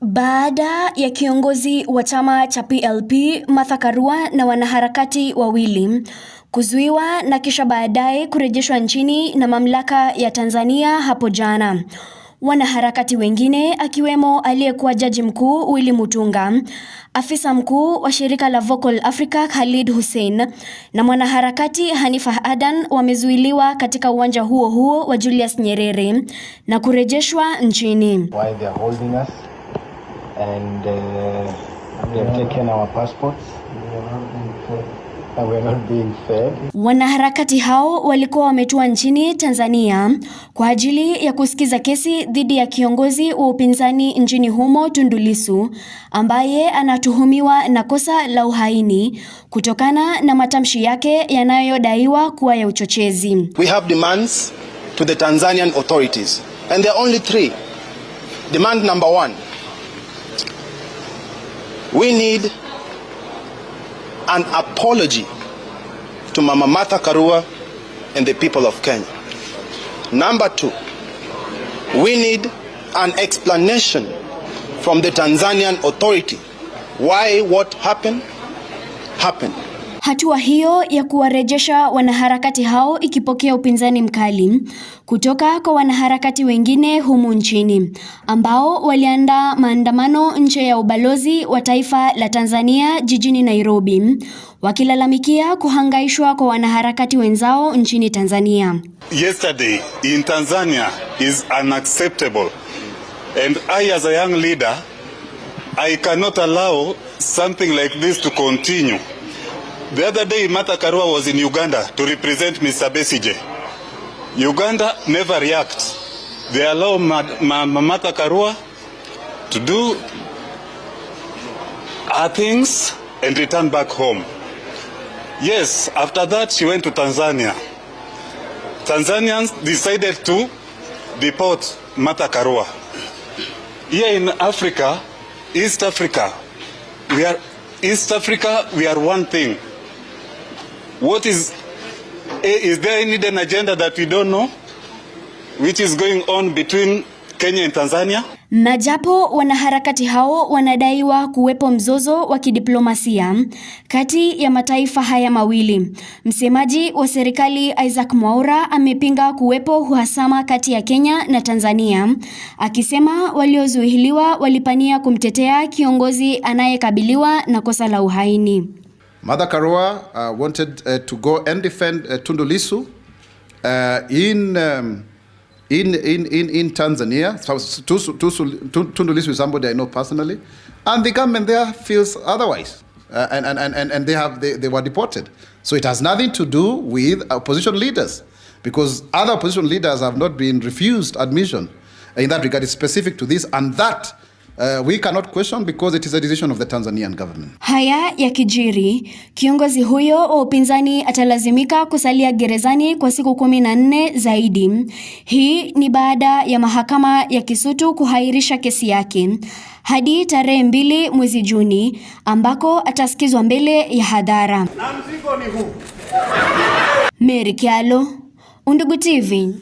Baada ya kiongozi wa chama cha PLP Martha Karua na wanaharakati wawili kuzuiwa na kisha baadaye kurejeshwa nchini na mamlaka ya Tanzania hapo jana, wanaharakati wengine akiwemo aliyekuwa jaji mkuu Willy Mutunga, afisa mkuu wa shirika la Vocal Africa Khalid Hussein na mwanaharakati Hanifa Adan wamezuiliwa katika uwanja huo huo wa Julius Nyerere na kurejeshwa nchini. Why they are holding us? and uh, have taken our passports. Uh, Wanaharakati hao walikuwa wametua nchini Tanzania kwa ajili ya kusikiza kesi dhidi ya kiongozi wa upinzani nchini humo Tundu Lissu ambaye anatuhumiwa na kosa la uhaini kutokana na matamshi yake yanayodaiwa kuwa ya uchochezi. We have demands to the Tanzanian authorities and there are only three. Demand number one We need an apology to Mama Martha Karua and the people of Kenya. Number two, we need an explanation from the Tanzanian authority why what happened happened. Hatua hiyo ya kuwarejesha wanaharakati hao ikipokea upinzani mkali kutoka kwa wanaharakati wengine humu nchini ambao waliandaa maandamano nje ya ubalozi wa taifa la Tanzania jijini Nairobi wakilalamikia kuhangaishwa kwa wanaharakati wenzao nchini Tanzania. Yesterday in Tanzania is unacceptable and I as a young leader I cannot allow something like this to continue. The other day, Martha Karua was in Uganda to represent Mr. Besigye. Uganda never react. They allow ma Ma Ma Martha Karua to do her things and return back home. Yes, after that she went to Tanzania. Tanzanians decided to deport Martha Karua. Here in Africa, East Africa, we are East Africa, we are one thing. What is, eh, is there any hidden agenda that we don't know, which is going on between Kenya and Tanzania? Na japo wanaharakati hao wanadaiwa kuwepo mzozo wa kidiplomasia kati ya mataifa haya mawili, msemaji wa serikali Isaac Mwaura amepinga kuwepo uhasama kati ya Kenya na Tanzania, akisema waliozuiliwa walipania kumtetea kiongozi anayekabiliwa na kosa la uhaini. Mother Karua uh, wanted uh, to go and defend uh, Tundulisu in, um, in, in, in, in Tanzania. So, Tundulisu is somebody I know personally. And the government there feels otherwise. and, and, and, and they, have, they, they were deported. So it has nothing to do with opposition leaders because other opposition leaders have not been refused admission. In that regard, it's specific to this, and that Uh, we cannot question because it is a decision of the Tanzanian government. Haya kiongozi huyo wa upinzani atalazimika kusalia gerezani kwa siku kumi na nne zaidi. Hii ni baada ya mahakama ya Kisutu kuhairisha kesi yake hadi tarehe mbili mwezi Juni ambako atasikizwa mbele ya hadhara. Na mzigo ni huu. Undugu TV.